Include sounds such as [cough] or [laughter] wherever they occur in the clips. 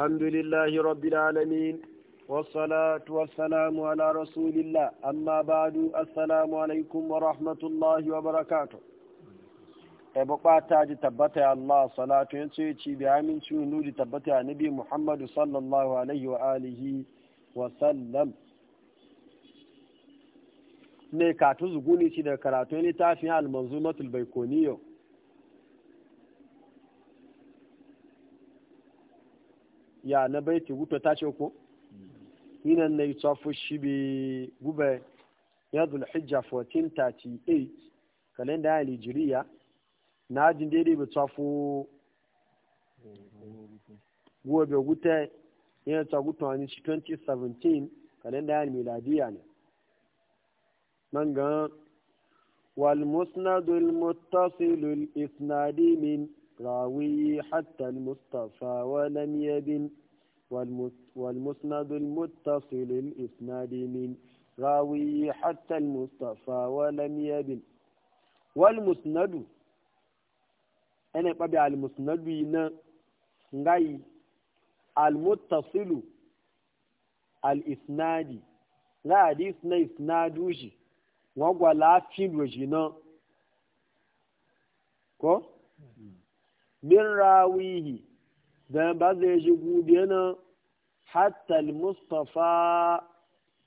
الحمد لله رب العالمين والصلاة والسلام على رسول الله أما بعد السلام عليكم ورحمة الله وبركاته tabbaƙa ta tabbata ya Allah salatu ya ci bi aminci nuri tabbata ya nabi Muhammadu sallallahu alaihi wa alihi wa sallam ne ka tuzuguni ci da karatu ne tafiya al-manzumatul baikoniyo ya na baiti ti ta ce ko yinan na yi tsofu shi bi gube ya hijja 1438 kalenda ya nigeria na ajin daidai bi tsofu gobe gute yana ta gutu wani 2017 kalenda ya miladiya ne man ga musnadul المتصل isnadi min راوي حتى المصطفى ولم يبن والمسند المتصل الإسناد من راوي حتى المصطفى ولم يبن والمسند أنا ببيع المسند هنا غاي المتصل الإسناد لا حديث إسناد وجي وقال لا في وجينا كو min rawihi da ba zai shi gobe na hatta mustafa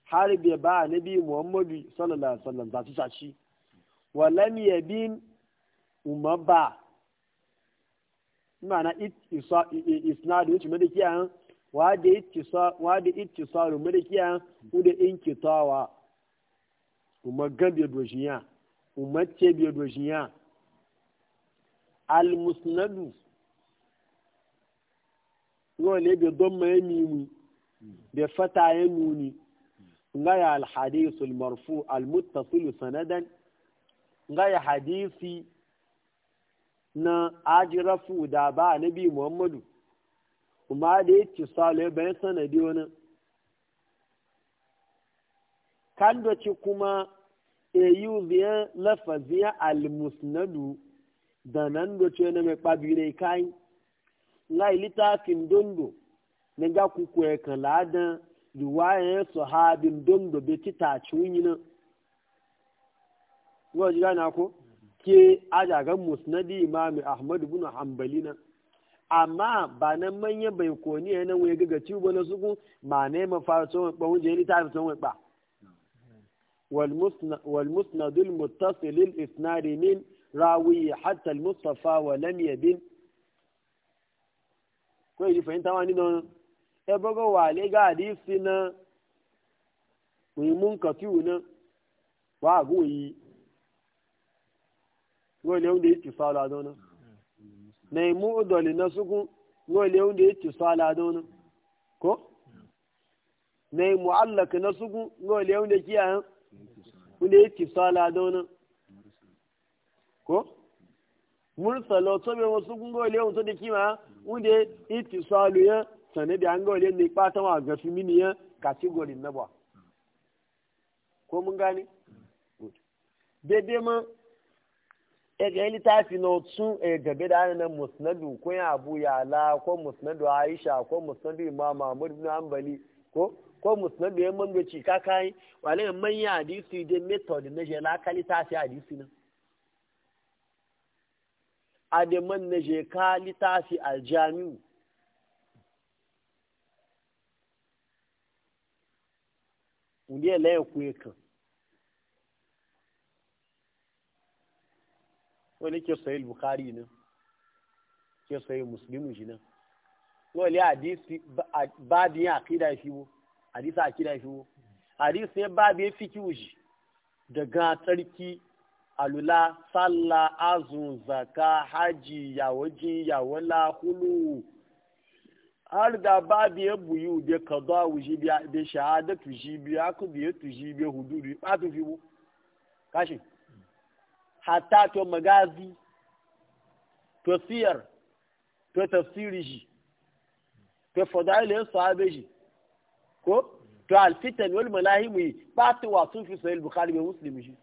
har bai ba nabi muhammadu sallallahu alaihi wasallam za su saci walam yabin umaba ma'ana isnadu wuce mai kiyayen wa da ittisaru mai kiyayen kuda inkitawa umar gabe doshiya umar ce bai doshiya almusnadu wale bi domma ya mimi bi fata ya nuni ngaya marfu almarfu almuttasilu sanadan ngaya hadisi na ajirafu da ba nabi muhammadu kuma da ya ci bayan sanadi wani kan kuma e yi lafaziyan almusnadu da nan da ce na mai kpabirai e kayan ngai e littafin dondo na ga ku ya e da riwayan e sahabin dondo be ci chunyina wunyina yau na ko ke ajagan musnadi imam ahmadu ibn hanbali na amma ba nan manya bai koni ya nan ga gaci ba na suku ma ne mafara ba ɓawon jeli littafin musnad ɓa والمسند المتصل الإسناد من rawiyi hatta mustafa wa lam yabin ko yi fahimta wani don e bogo wa le hadisi na wi mun ka tiwu na wa go yi na mu udoli na suku go le unde na mu'allaka na suku go le unde kiyan ko mursalo to be wasu kun gole on to de kima unde ittisalu ya sane bi an gole ni patan wa ga mini ya category na ba ko mun gani. good dede ma e ga litafi na otu e gabe da na musnadu ko ya abu ya la ko musnadu aisha ko musnadu imam mahmud ibn hanbali ko ko musnadu ya mangaci kakai wale manya hadisi de method na jela kalita fi hadisi na ademan na je ka littafi aljami'u wunde ya laye kuye kan wani ke sayi bukari nan ke sayi musulmi shi nan wani hadisi babin ya akida fi wo hadisi akida fi wo hadisi ya babin ya fi kiwo shi daga tsarki alula salla azun zaka haji yawo jin yawo la hulu har da babu ya buyu da kazo a wuji da shahada tuji biyu aku biyu tuji biyu hudu ba tu fi bu kashi hatta to magazi to siyar to tafsiri shi to fadailin sahabe shi ko to alfitan wal malahimu ba wa wasu fi sahih bukhari mai muslimi shi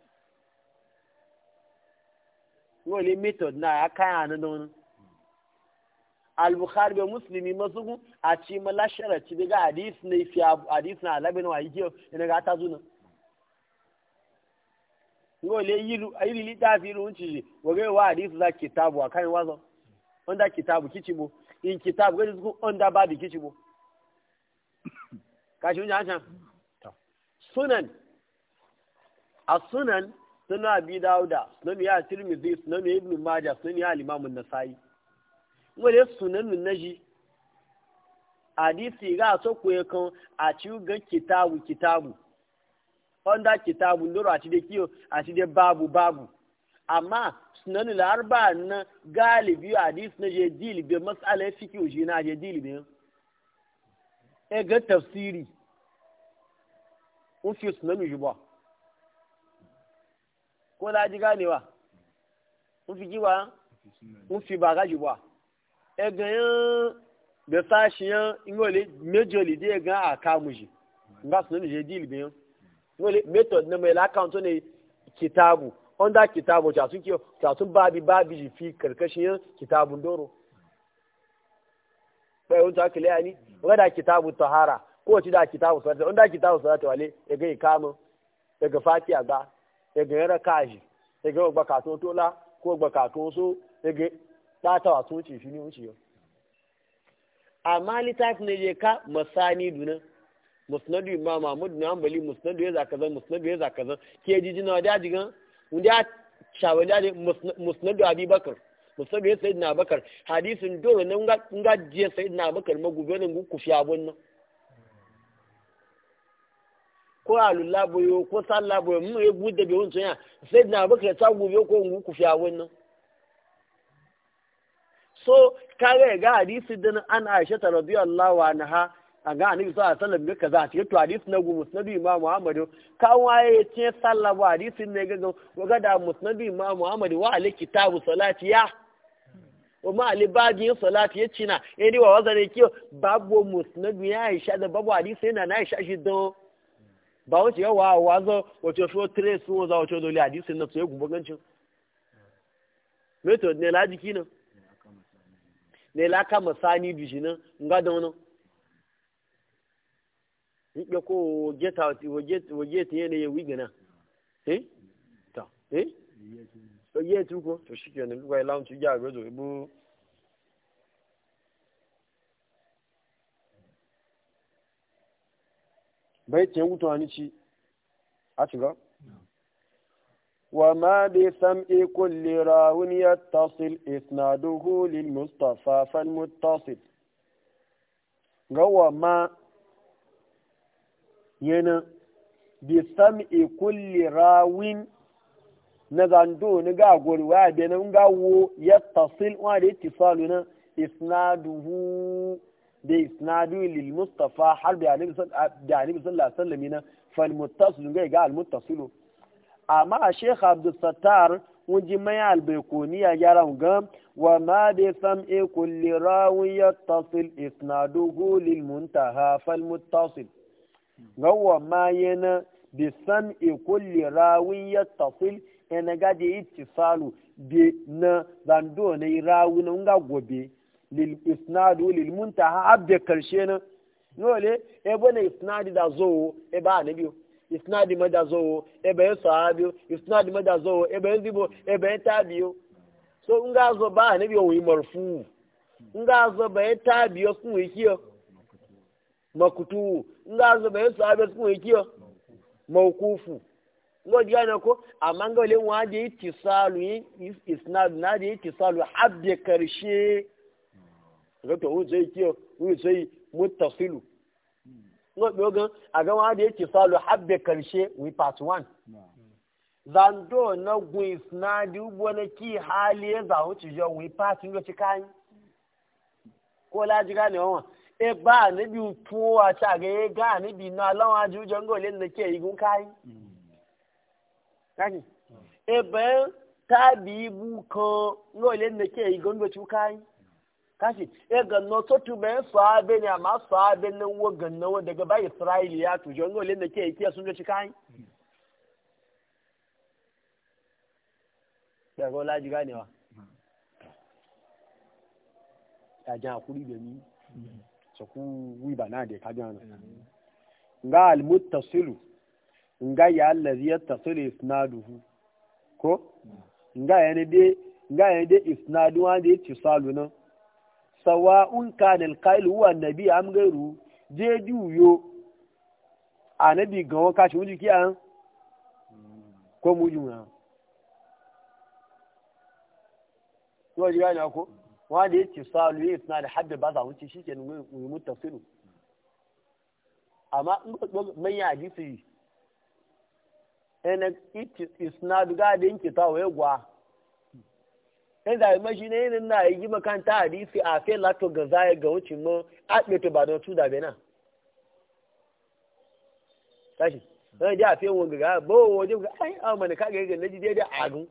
wani method na ya kaya na nan al-bukhari bai musulmi masu kun a ci mala daga hadis na fi hadis na alabin wa yi kiyo ina ga ta zuna wani yi littafi runci wá wa hadis za kitabu a kan wazo wanda kitabu kicibo in kitabu gani su kun wanda kicibo sunan a sunan suna abi dauda sunan ya tirmidhi sunan ya ibnu majah sunan ya al-imam an-nasai wale sunan naji hadisi ga so ko kan a ci ga kitabu kitabu onda kitabu ndoro a ci de kiyo a ci de babu babu amma sunan al-arba na galibi hadis na je dil be mas'ala fiqh uji je dil be e ga tafsiri un fi sunan jubah ko laji ganewa mun fi giwa mun fi ba gaji ba e ganyan da sashiyan ingole major lead ya gan a kamu shi ba su ne je deal biyan ingole method na mai account ne kitabu under kitabu ta sun kiyo ta sun babi babi ji fi karkashin kitabun doro bai wani ta kiliya ni wadda kitabu tahara ko ci da kitabu sarata wanda kitabu sarata wale ya gai kamun daga fatiya ga. daga yara kaji daga wa bakato tola ko bakato so daga bata wa sun cifi ne wuce amma littafi ne je ka masani duna musnadu imam mahmud ne ambali musnadu ya zaka zan musnadu ya zaka zan ke ji jina wa daji gan wanda ya shawali da musnadu abi bakar musnadu ya sayyidina bakar hadisin dole ne nga je sayyidina bakar magubenin ku kufi abun nan ko alula ko sallah boyo mu e bude be ya sai na baka ta gobe ko ngu ku fiya wannan so kare ga hadisi din an Aisha radiyallahu anha a ga annabi sallallahu alaihi wasallam ne kaza ce to hadisi na gumus nabi imam Muhammadu kan waye ce sallah hadisi ne ga ga da musnabi imam Muhammadu wa kitabu salati ya wa ma alibaji yin salati ya cina wa wazare kiyo babu Aisha da babu hadisi na Aisha shi ba wace yawa wazo wace so tres sun waza cewa dole hadisi na sai gubo gancin method ne la jiki nan ne la ka masani bishi nan nga da wannan ya ko get out wo get wo get ne ya wigana eh ta eh so ye tu ko to shike ne ku ga launch ya gozo e bu bai ce wuto ni ci a cikin wa ma bi sam'i kulli rawun isnaduhu lil mustafa ga wa ma yana bi sam'i kulli rawin na zando ni ga na wa da isnaduhu da isnadu lil mustafa har da annabi sallallahu alaihi wasallam na fal muttasil ga ga al muttasil amma sheikh abdul sattar wunji mai baykuni ya gyara ga wa ma bi sam'i kulli rawi yattasil isnaduhu lil muntaha fal muttasil ga wa ma yana bi sam'i kulli rawi yattasil ina ga da ittisalu bi na zando ne na ga gobe lil isnadu lil muntaha abda karshe nan nole e bane isnadi da e ba anabi ma da zo e ba sahabi isnadi ma da e ba zibo e ba tabiyo so nga zo yi marfu nga zo ba tabiyo makutu ngo diana ko amma nga le wa de isnad na de itisalu karshe zato wun zai kiyo wun sai muttasilu hmm. no be a ga wani yake salu habbe karshe we part 1 zando na gwis na dubo na ki hali ya zawo ci jo we part ngo ci kan ko la ji gane e ba ne bi tuwa ta ga ye ga ne bi na lawa ju jo ngo le ne ke igun kai hmm. hmm. e ba ta bi bu ko ngo le ne ke igun kai kashi e ganno so tu be sahabe ne amma sahabe nan wo ganno wo daga ba israil ya tu jo ngole ne ke ke sun ga cikai ya go la ji laji wa ta ja kuri da ni so ku wi ba na de ka ja na nga al muttasilu nga ya allazi yattasilu isnaduhu ko nga ya ne de nga ya ne de isnadu wa de tisalu na sawa'un kana alqa'il huwa nabi am gairu je juyo anabi gan wọn kashi wuju kiya ko mu ju na ji ga ko da yace salu hadda wuce shi ke mu tafsiru amma in ba ya sai da mashi ne yin na yi makanta hadisi a fe lato ga zaya ga wucin mo a ɓeto ba don tuda bena tashi sai da fe wo ga bo wo je ga ai a mana ka ga na ji daidai agun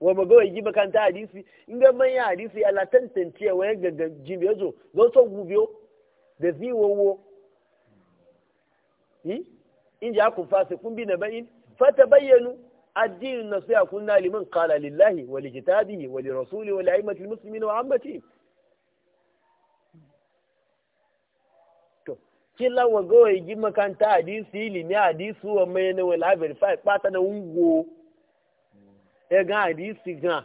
wa mago yi makanta hadisi in ga manya hadisi ala tantance wa ya ga jibe zo don so gubiyo da zi wo in ji kun fasa kun bi na bayin fata bayyanu الدين النصيحة kunna لمن قال لله ولكتابه ولرسوله kitabihi المسلمين وعمته rasuli wa li wa yi makanta hadisi ilimi hadisi wa mai na wala verify pata na ungo e ga hadisi ga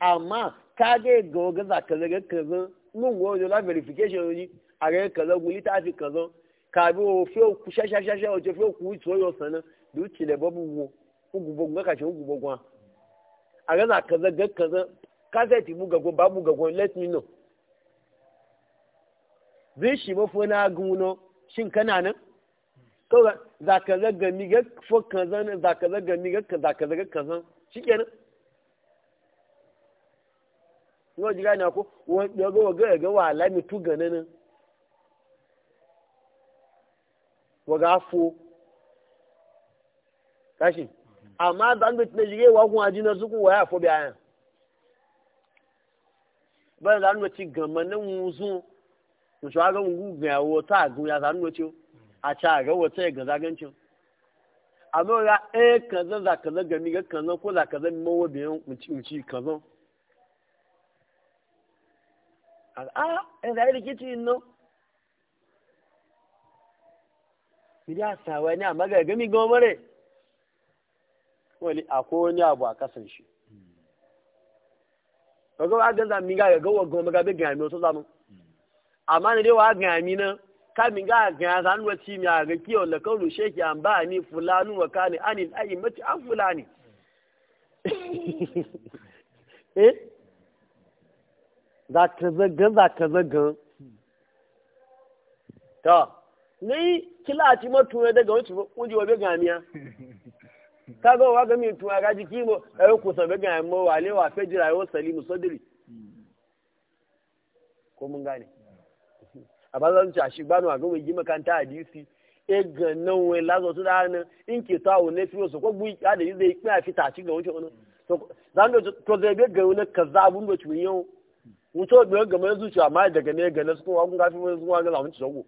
amma kage go ga za ka zaga kaza mun go la verification ni a ga kaza guli ta fi kaza ka bi o fi o ku shashashasha o je fi o ku to yo sanan duci da babu wo ugubo ga kashe bo gwa a gaza kaza ga kaza ti mu go babu go let me know zai shi fo na no shin kana nan kawai za ka ga mi ga fo kaza ne za ka ga mi ga kaza kaza ga kaza shikenan ngo jiga na ko wo ga ga ga wa mi tu nan wa ga fo kashi amma da an bai tunai wa kun aji na suku waya fo bi ayan ba da an ci gama na wuzu mu shi aga ngu ga wo ta gu ya san no ci a cha ga wo ta ga zagan amma ga e kaza za kaza ga mi ga kaza ko za kaza mi mawo bi mu ci mu ci kaza a e da yi kici no Bidi asawa ni amma ga gami gomare. wani akwai wani abu a kasan shi kaga wa ga zami ga ga wa goma ga ga mi to zamu amma ne dai wa ga mi na ka mi ga ga zan wa ci mi ga kiyo la kaulu sheki an ba ni fulanu wa kani anil mati an fulani [laughs] eh za ka zaga za ka zaga to ni kila ci matu daga wani uji wa ga miya kaga wa ga mi tun aga jiki mo e ku so be ga mo wa le wa fe jira e yo salimu sodiri ko mun gane mm. abazan ta shi gbanu aga we gi makanta hadisi e ga nan we lazo to da nan in ke ta wo ne fi so ko ikpe a fita ga wuce ono to dan do to zai be ga wona kaza abun do mm. to be ga mai na su wa ga fi wani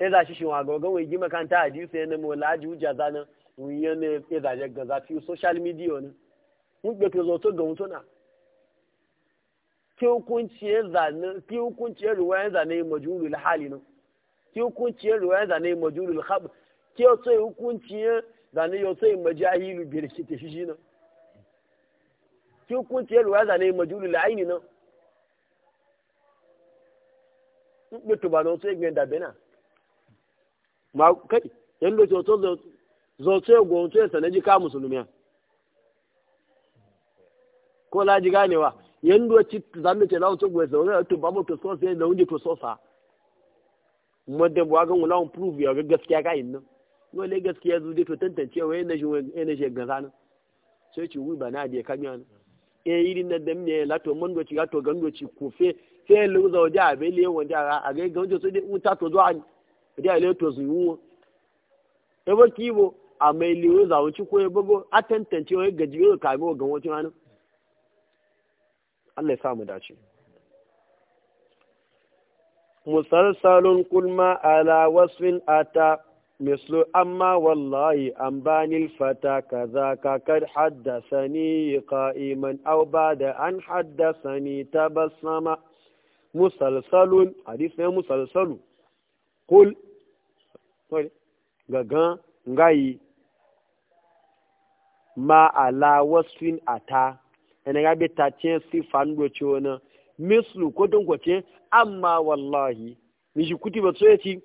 e za shi shi wa gogon wai gima kanta hadisi ne mu laji uja zana wiye ne e za je gaza social media ne mun gbe ke zo to ga mutuna ki hukunci ya zana ki hukunci ya ruwaya zana yi majulul hali ne ki hukunci ya ruwaya zana yi majulul khab ki to hukunci ya zana yo to majahilu birki te shi ne ki hukunci ya ruwaya zana yi majulul aini ne mun gbe to ba no to e gbe da bena ma kai yan da kyoto zoce gwamnati ya sanaji ka musulmiya ko laji ganewa yan da ci zanen ce lawo tsogbo ya zaune da tuba mu to sai da wunje to sosa mudan buwa ga wulawun prove ya ga gaskiya ka yin nan le gaskiya zu da to tantance wa yana shi yana shi ga nan sai ci wi na da ka yana e irin na da me to mun do ci ga to gando ci kufe sai lu zo ja be le wanda a ga gando so de uta to zo an ndị ala etozu iwuwo ebe ka ibo ama eliwe zawo chukwu a atententi onye gaji oge ka agba oge nwoke anụ alesa amudachi musalsalun kulma ala wasfin ata mislu amma wallahi an bani fata ka ka kar haddasa ni ka'iman au da an haddasa ni ta basama musalsalun musalsalu kul gagan ngayi ma ala wasfin ata ene ga beta ce sifan do ce mislu ko don ko ce amma wallahi ni shi kuti ba soye ci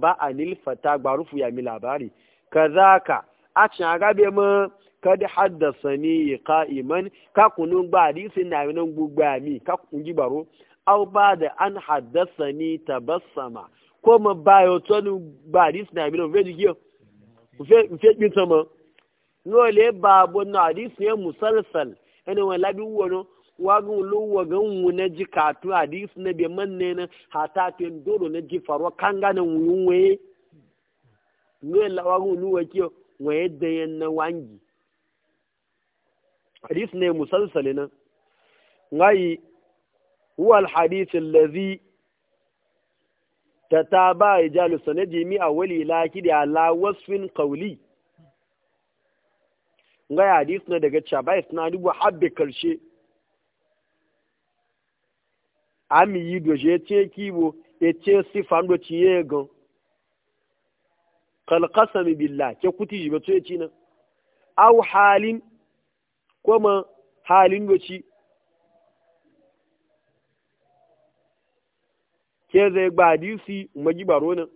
ba anil fata gbarufu ya mi labari kazaka a cin aga ma ka kada haddasa ni yi ka ka kunun gba hadisi na yi nan ya mi ka kun ji baro au ba da an haddasa ni tabassama ko ma bayo tonu ba ní na bi no fe dikiyo fe fe bi tomo ba bo na dis ne musalsal ene wa labi wono wagun luwa ga wu na ji katu hadis na bi manne na hata tin doro na ji faro kanga na wuwe no na ta ta ba ya jalu sane jimi a wali laki da ala wasfin kauli ga ya hadis na daga chaba na dubu habbe karshe ami yi doje ce kibo ya ce sifan do ci ye gan kal qasami billah ke kuti jibe to ya ci nan aw halin kuma halin do ci ya zai gba hadisi magi baro nan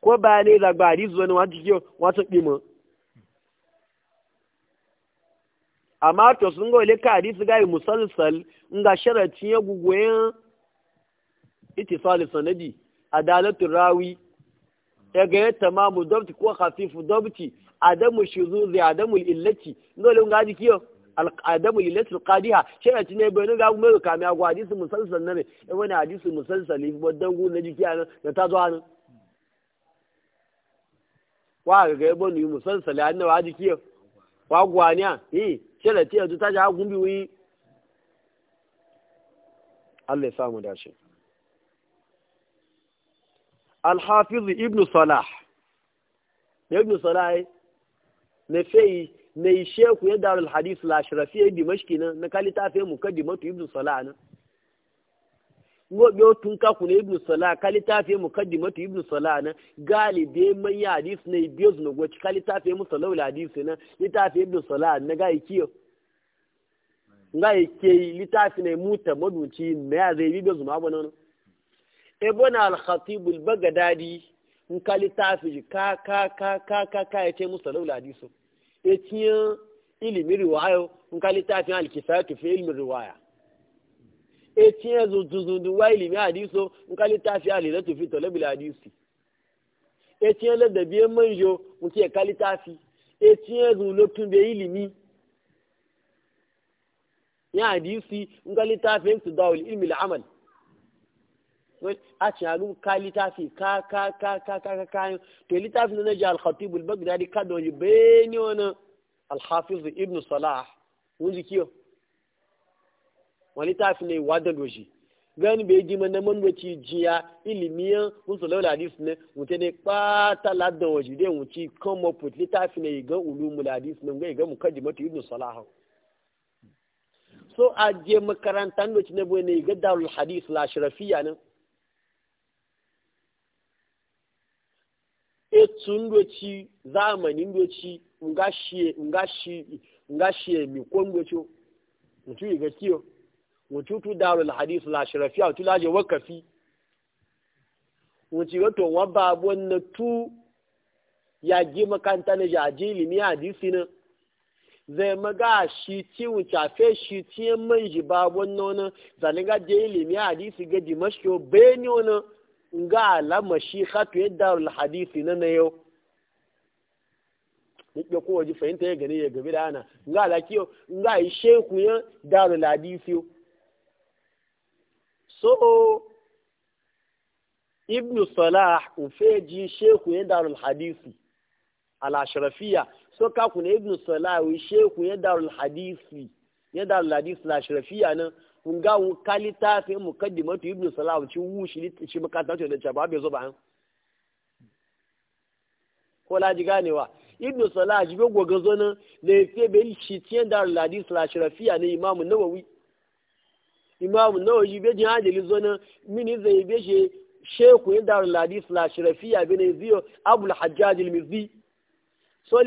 ko ba ne da gba hadisi wani wata ke wata ɗima amma to sun ga ilika hadisi ga yi musalsal in ga sharatin ya gugoyen sali sanadi adalatun rawi ya ga ya tamamu dobti ko hafifu dobti adamu shuzuzi adamu illati dole in ga hadisi alqadamu lilatul qadiha shi ya tine bai ga mu ka mi agwa hadisi musalsal ne e wani hadisi musalsal ne ba dangu na jiki an da ta zo an wa ga ga bon yi musalsal an wa jiki wa gwaniya eh shi da tiya ta ja gumbi wi Allah ya samu dace al ibnu Salah ibnu Salah ne fayi mai sheku ya daru hadis la shirafi ya dimashki nan na kali ta fe matu ibn sala'a nan ngo tun ka kuna ibn sala'a kali ta fe matu ibn sala'a nan galibe man ya hadis ne biyo no go kali ta fe musallahu hadis na ni ta fe na ga ikiyo nga ke litafi ne muta maduci na ya zai bibiyo zuma abu nan ibn al-khatib al-bagdadi in ka litafi ka ka ka ka ka ya ce musallahu hadis etiyan ilimin riwayo in ka littafin alkifaya tufi ilimin riwaya etiyan zuzuzundu wa ilimin hadiso in ka littafin alila tufi tolabil hadisi etiyan ladabiyan manjo in ce ka littafi etiyan zulotun da ilimi ya hadisi in ka littafin su dawul ilimin amal a cin agun ka littafi ka ka ka ka ka ka kayan to littafi na naji al-khatib al-baghdadi ka don yi ni wani al-hafiz ibn salah mun ji kiyo wani littafi ne wadda doshi gani bai ji mana man wace jiya ilimiyan musu laula hadis ne mutum ne kpata ladan waje dai wuce kan mafut littafi ne ga ulumul hadis ne ga mu kaji mata ibn salah so a je makarantar da ne bai ne ga darul hadis la sharafiya ne. tun doci zamanin doci nga shi mi kon doci mutu yi kiyo mutu tu daru alhadisu la shirafi a tulaje wakafi mutu ga to wa babu na tu ya ji makanta na jaji ilimi hadisi na zai maga shi ci wucafe shi ci man ji babu na wani zanen ga je ilimi hadisi ga dimashio bayani na. nga alama shi khatu ya darul hadisi na na yau ya kowa ji fahimta ya gani ya gabi da ana nga alakiyo nga yi sheku ya darul hadisi so ibnu salah ufe ji sheku ya darul hadisi al-ashrafiya so kaku na ibnu salah ya sheku ya darul hadisi ya darul hadisi al-ashrafiya nan nga wu kalita fi mukaddimatu ibnu salam ci wu shi ci makata to da jaba be zo ba ko la ji ganewa ibnu salam ji go go zo na da fi be shi tiyan dar ladi slash rafiya ne Imam nawawi imam nawawi be jin hajali zo na mini zai be she sheku yin dar ladi slash rafiya be ne ziyo abul hajjaj al mizzi so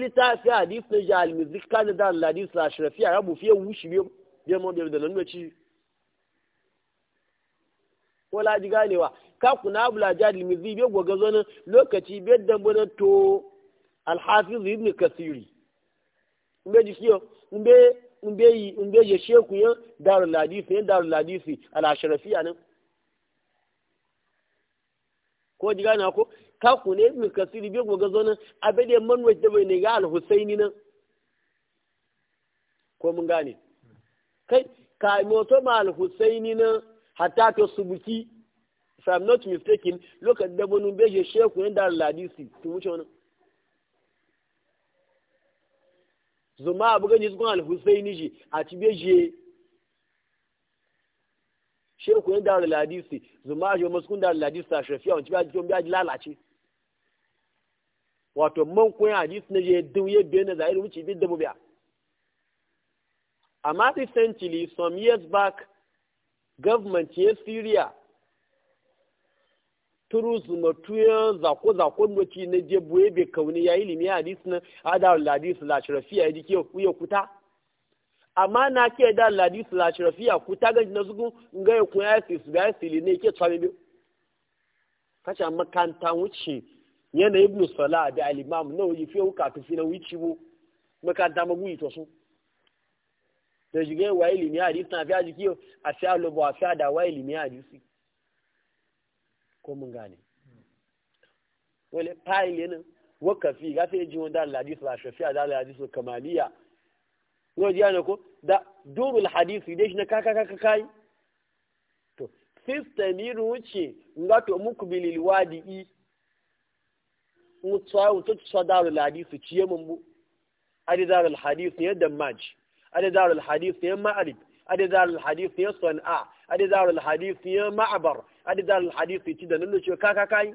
fi hadith ne ja al mizzi kan dar ladi slash rafiya rabu fiye wushi be be mo be da nan be ci ko laji ganewa ka kuna abula jadil mizi bai gwaga zonin lokaci be dambo na to alhafiz ibn kasiri mbe jikiyo mbe mbe yi mbe je sheku yan darul hadisi yan darul hadisi al ashrafi anan ko ji gane ko ka kuna ibn kasiri bai gwaga zonin abede manwa da bai ne ga al husaini nan ko mun gane kai ka moto ma al husaini nan hatta to subuki if i'm not mistaken lokacin dabo bunu beje sheku inda al-hadisi tun wuce wannan zuma abu gani zuwa al-husaini ji a be beje sheku inda al-hadisi zuma jo maskun da ladisi a ta shafiya wanci ba jikin biya lalace wato man a hadisi na je duye biyan na zahiri wuce bi dabu biya amma recently some years back government ya syria turu su matuya zako zako noci na je buye bai kauni ya ilimi ya hadis na adar ladis la shirafiya ya jike kuya kuta amma na ke da ladis la shirafiya kuta ganji na zugun ga ya kun ya su ga sili ne ke tsami biyu kacha makanta wuce yana ibnu salah da al na wuce fiye wuka fi na wuce bu makanta magui to su da shiga wa ilimi a na fiya jiki a fiya lobo a fiya da wa ilimi hadisi ko mun gane wale fa'il yana wakafi ga ya ji wanda hadisi la shafi'a da hadisi kamaliya waje yana ko da durul hadisi dai shi na kaka kaka kai to ruci nga to muku bilil wadi'i mutsawo to tsadaru hadisi ciye mun bu adidarul hadisi yadda maji ade darul hadith ya ma'arib ade darul hadith ya sana'a ade darul hadith ya ma'abar ade darul hadith ci da nan ce kaka kai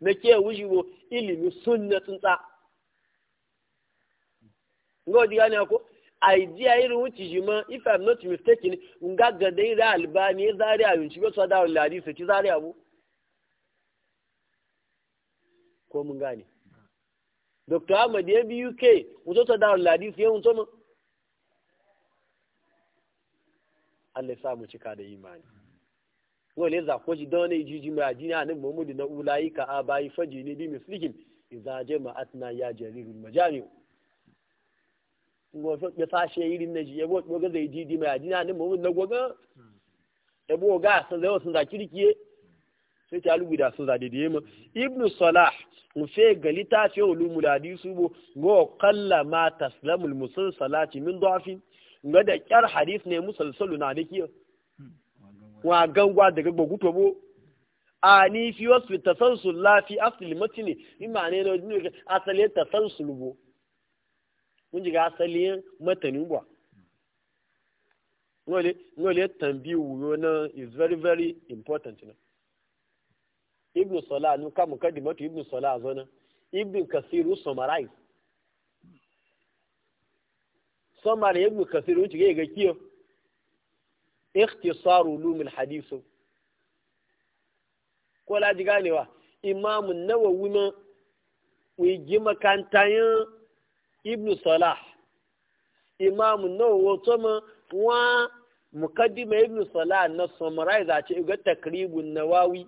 me ke wuji wo ilimi tsuntsa idea irin wuce shi ma if i'm not mistaken nga ga dai da albani zari ayun shi ba su da hadith ci zari abu ko mun gane dr ahmed yẹn bí uk ohun tó sọ dáhùn làdí fi ohun tó mọ. sa mu cika da imani wani ne zako ji don wani jiji mai ajina nan mahmudu na ulayi ka a bayi faji ne bi mislikin izaje ma'atna ya jaririn majami'u ngo ya sashe irin na ji yabo ga zai jiji mai ajina nan mahmudu na goga yabo ga san zai wasu zakirkiye sai ta alubu da sun zade da yema ibnu salah mu fe gali ta ce ulumu da hadisu bo go kalla ma taslamul musalsalati min da'fi ga da kyar hadis ne musalsalu na dake hmm. wa gangwa daga gbaguto bo ni fi wasu tasansul la fi asli matni ni ma ne no asali tasansul bo mun ji ga asali matanin gwa ngole ngole tambi wuyo na is very very important na ibnu sala nu ka mukaddimatu ibnu sala zona ibnu kasiru summarize summary ibnu kasiru wuce ga ga kiyo ikhtisaru ulum alhadith ko la ji ganewa imam an-nawawi ma wi ji makantayin ibnu salah imam an-nawawi to ma wa mukaddima ibnu salah na summarize a ce ga takribun nawawi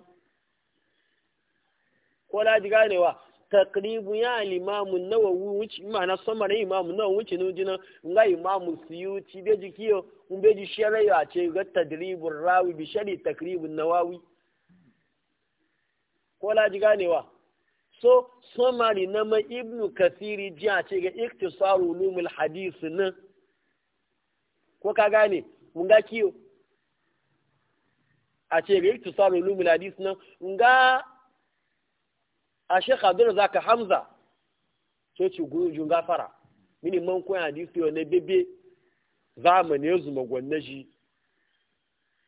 ko ji ganewa takribu ya limamu wuci ma na samar imamu nawa wuce ne jina nga imamu ci be kiyo un be ji a ce ga tadribur rawi bi shari takribun nawawi ko ji ganewa so samari na ma ibnu kasiri ji a ce ga iktisaru lumul hadis na ko ka gane mun ga kiyo a ce ga iktisaru lumul hadis na nga a shek abdul zaka hamza sai ci gujun gafara mini man hadisi wa na bebe zamani ya zuma gwanne shi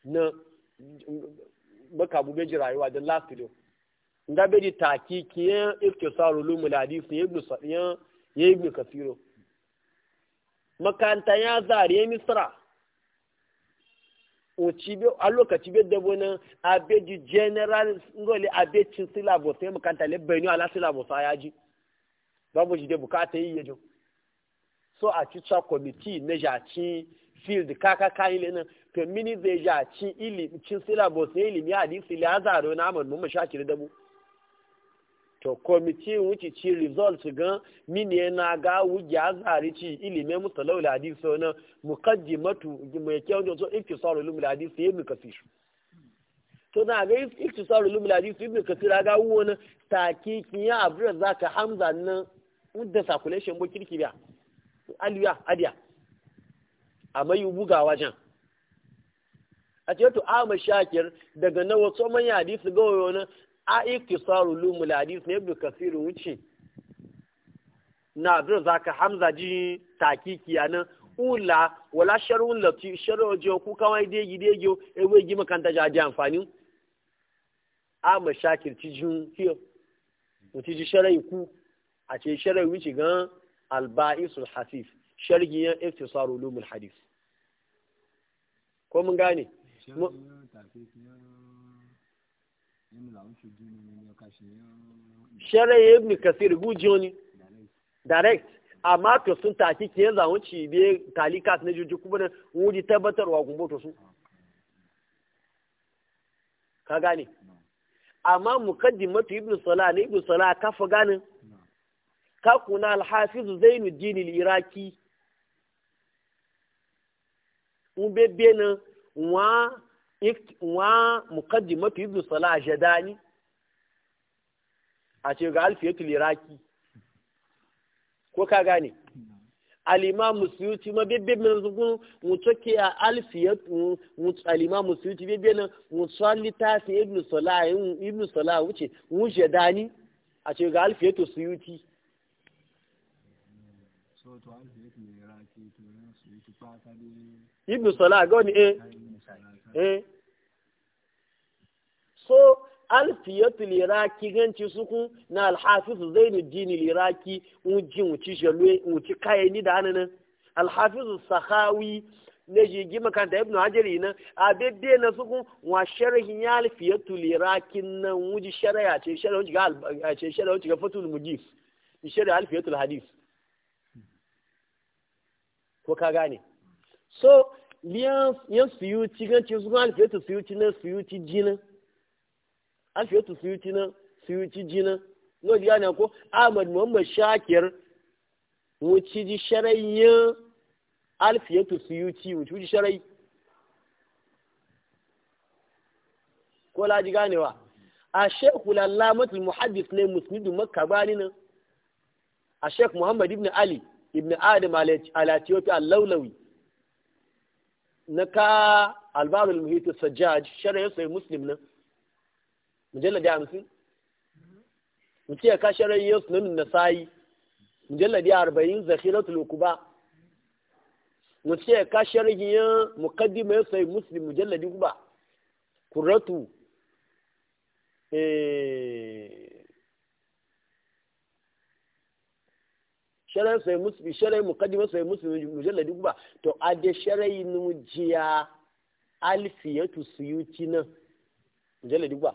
na makabu bube ji rayuwa don last day nga be di taki kiyan saurin lumul hadisi ya ibnu ya kasiro makanta ya zari ya misra ocibe a lokaci bai dabo nan abeji general ngole abecin syllabus sai makanta le bayani ala syllabus ya ji babu jide bukata yi yajo so a ci cha committee na jaci field kaka ka ile nan to mini zai ci ili cin syllabus ne ilimi hadisi le azaro na amon mu shakiri dabo to komiti wuce ci result gan mini na ga wuce zari ci ilimin musalau ladi so na matu mai kyau da so ladi su yi ibn su to na ga ladi su yi ibn ra ga wona takikin ya za ka hamza na da circulation bo kirki biya aliya adiya mai yi buga wajen a ce to a mashakir daga nawa so man hadis ga na. a iktisaru lumul hadis ne ibn kasir wuce na abdur zaka hamza ji takiki anan ula wala sharu lati sharu jo ku kawai dai gi dai gi makanta ja ji amfani a shakir ti jun mu ti ji sharai ku a ce sharai wuce gan alba'isul hasif sharhiyan iktisaru lumul hadis ko mun gane sharayi ibn kasir gujiyoni direct amma to sun taki ke zawon cibe talikas na juji kuma nan wuji tabbatarwa gumbo to su ka gane amma mukaddimatu ibn salah ne ibn salah ka fa ganin ka kuna al-hafiz zainuddin al-iraki un bebe na wa wa muqaddimatu ibnu salah jadani a ce ga alfiyatul liraki ko ka gane alimamu suyuti ma bebe min zugun mutu ke a alfiyat alimamu suyuti bebe nan mutu littafin ibnu salah ibnu salah wuce mu jadani a ce ga alfiyatu suyuti ibnu salah ga wani eh Eh? so alfiyatu liraki ganci suku na alhafizu zainu dini liraki wuji wuci shalwe kayani da hannun alhafizu sahawi na jirgi makanta ibn hajari na a daidai na suku wa sharhin ya alfiyatu liraki nan wuji shari'a ce shari'a wuci ga ce ya fatul mujis shari'a alfiyatul hadis ko ka gane so yan suyuti gan ci su gan alfiyatu suyuti na suyuti jina alfiyatu suyuti na suyuti jina no diya na ko ahmad muhammad shakir wuci ji sharayya alfiyatu suyuti wuci ji sharai ko laji ganewa a shekhu lallamatul muhaddis ne musnidu makka bani nan a shekh muhammad ibn ali ibn adam ala tiyofi al-laulawi na ka albarul muhitu sajjaj shari'a sai muslim nan mujallad ya hamsin mm-hmm. mutum ya ka shari'a sunan nasayi mujallad ya arba'in zakhiratul ukuba mutum ya ka shari'a muqaddima ya sai muslim mujallad ukuba kurratu eh sharan sai musu bi sharai muqaddima sai musu mujalladi kuma to a da sharai nu jiya alfiyatu suyuti nan mujalladi ba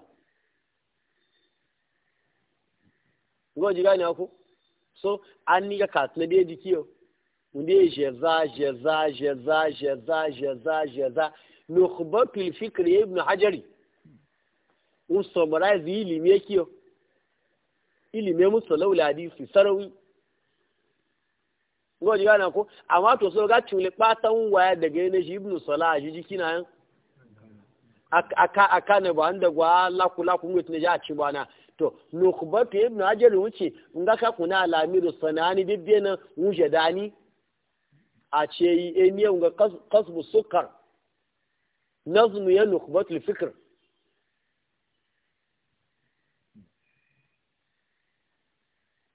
ngoji gani ko so an ni ga katna da yadi kiyo unde jeza jeza jeza jeza jeza jeza nukhbatul fikri ibn hajari un summarize ilimi kiyo ilimi musu laula hadisi sarawi ngo ji gana ko amma to so ga tule patan waya daga yana shi ibnu salah ji jiki na yan aka aka ne ba anda gwa la kula ku ngutne ja ci bana to nukbatu ibnu hajar wuce nga ka kuna alamiru sanani bibbe na wuje dani a ce yi eniya ga kasbu sukar nazmu ya nukbatu fikr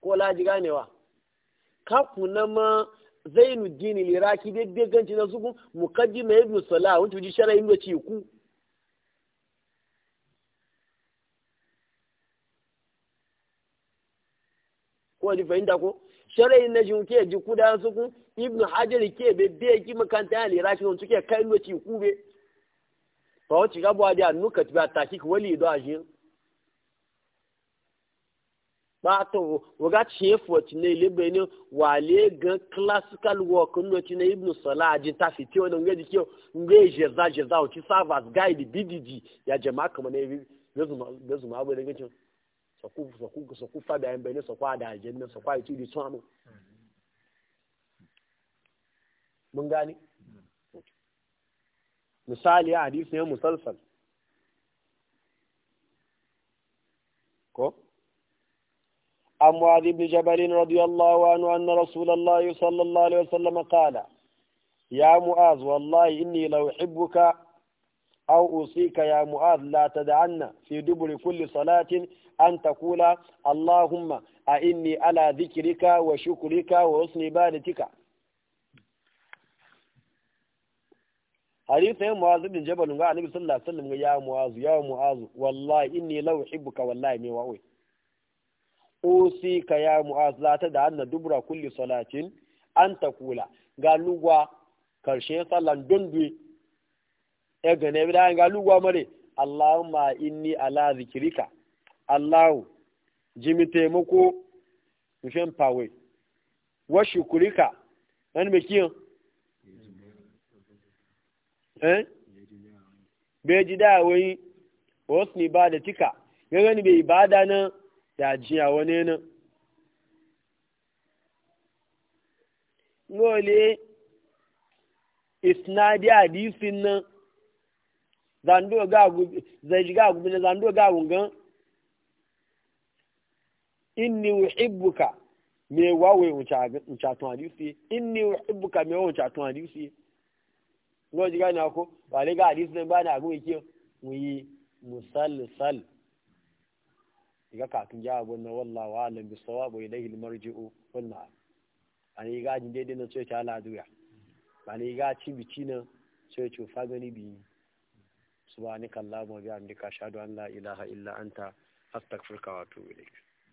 ko la ji ganewa kafu na ma dini liraki daidai ganci na suku mai ibn salah wani tuji shara inda ce ku ko ji fahimta ko shari'in na shi ke ji kuda suku ibn hajar ke be be ki makanta ya liraki wani suke kai inda ce ku be ba wacce gabuwa da nuka ta ki wali da ajiyar bato waga ce fuwaci ne libe ne wale gan classical work nwaci na ibn salah ji ta fiti wani ngaji je za jeza jeza uci servers guide bdg ya jama'a kamar ne bezuma abu ku so saku saku saku fa da yan so kwa da so kwa ti di so amu mun gane misali a hadisi ne musalsal ko عن معاذ بن جبل رضي الله عنه أن رسول الله صلى الله عليه وسلم قال يا معاذ والله إني لو أحبك أو أوصيك يا معاذ لا تدعنا في دبر كل صلاة أن تقول اللهم أئني على ذكرك وشكرك وحسن عبادتك hadisa ya muwazu bin jabal ga annabi sallallahu alaihi wasallam ya muwazu ya muwazu wallahi inni law uhibbuka wallahi me wa'oi Usi ka ya mu'az la ta da anna dubra kulli salatin an ta kula ga lugwa karshe sallan dundu E, gane bi da ga lugwa mare allahumma inni ala zikrika allahu jimi taimako mushen pawe wa shukrika an me kiyo eh be ji da wai wasu ba da tika ga gani be ibada nan ya jiya wani nan ngole isnadi hadisin nan zando ga zai ga na zando ga wungan inni uhibbuka me wawe uncatun hadisi inni uhibbuka me wawe uncatun hadisi ga na ko wale ga hadisi ba na ke mu yi ga kafin ya abu na wallawa alam bi sawabu ilayhi marji'u wannan ani ga jin daidai na sai ta laduya ani ga ci bici na sai ci fa gani bi subhanakallahumma wa bihamdika ashhadu an la ilaha illa anta astaghfiruka wa atubu ilayk